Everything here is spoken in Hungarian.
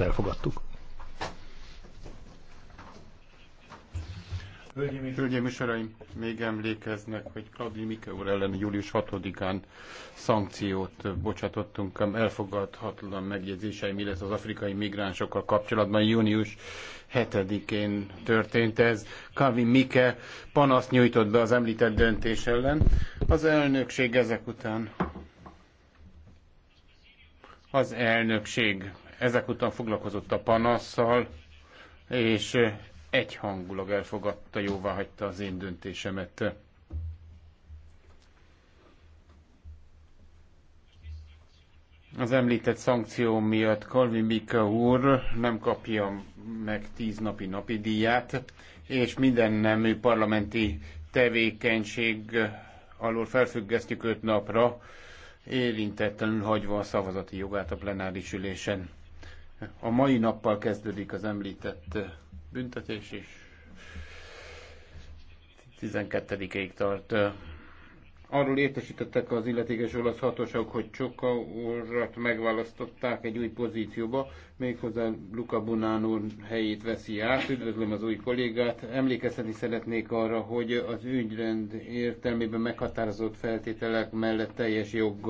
elfogadtuk. Hölgyeim és, Uraim, még emlékeznek, hogy Kladli Mike úr ellen július 6-án szankciót bocsátottunk elfogadhatatlan megjegyzéseim, illetve az afrikai migránsokkal kapcsolatban június 7-én történt ez. Kavi Mike panaszt nyújtott be az említett döntés ellen. Az elnökség ezek után az elnökség ezek után foglalkozott a panasszal, és egyhangulag elfogadta, jóvá hagyta az én döntésemet. Az említett szankció miatt Kalvin Mika úr nem kapja meg tíz napi napi díját, és minden nemű parlamenti tevékenység alól felfüggesztjük öt napra, érintetlenül hagyva a szavazati jogát a plenáris ülésen. A mai nappal kezdődik az említett büntetés, és 12-ig tart. Arról értesítettek az illetékes olasz hatóságok, hogy Csoka urat megválasztották egy új pozícióba, méghozzá Luca Bunán úr helyét veszi át. Üdvözlöm az új kollégát. Emlékezni szeretnék arra, hogy az ügyrend értelmében meghatározott feltételek mellett teljes jog